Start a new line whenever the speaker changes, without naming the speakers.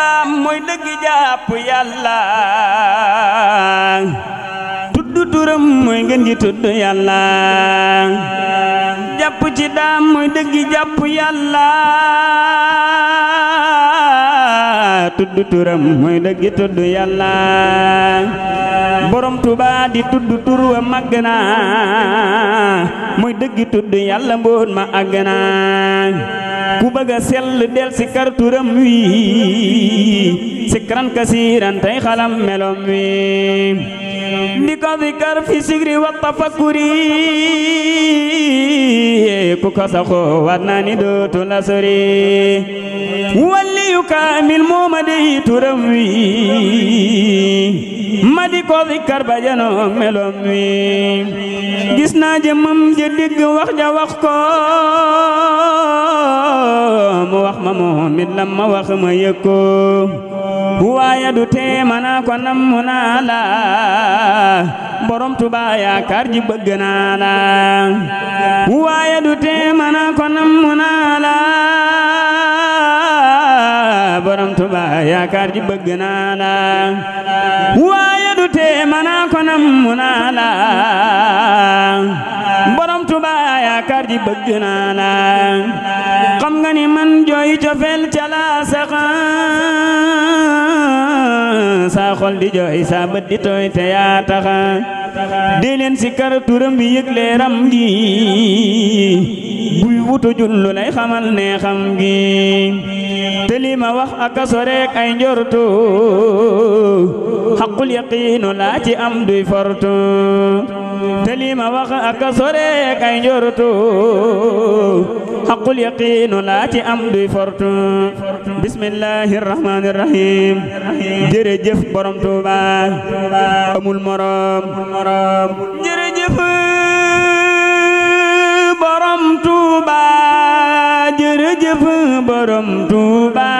lislaam mooy dëgg jàpp yàlla tudd turam yàlla jàpp ci daam mooy dëgg jàpp yàlla tudd turam mooy dëgg tudd yàlla borom tuba di tudd tur wa màgg naa mooy dëgg tudd yàlla mboon ma àgg naa ku bëgg a sell del si turam wi si kasiiran tey xalam melom wi di ko kar fi sigri wa tafakkuri ku ko saxoo naa ni dootu la sori walliyu kaamil moo dey turam wi ma di ko sikkar ba meloom wi gis naa jëmmam ja wax ja wax ko moomit lam ma wax ma yëg ko du tee ma naa ko namm naa la borom Tuubaa yaakaar ji bëgg naa la waaye du ko namm naa la du tee ma naa ko yaakaar ji bëgg naa la xam nga ni man jooy cofeel ca la saxa sa xol di jooy sa bët di tooy te yaa taxa dee leen si kar turam bi yëg leeram gi buy wutu jullu lay xamal ne xam gi te ma wax ak a soreek ay njortu bokkul yaqiinu laa borom Tuuba amul morom borom Tuuba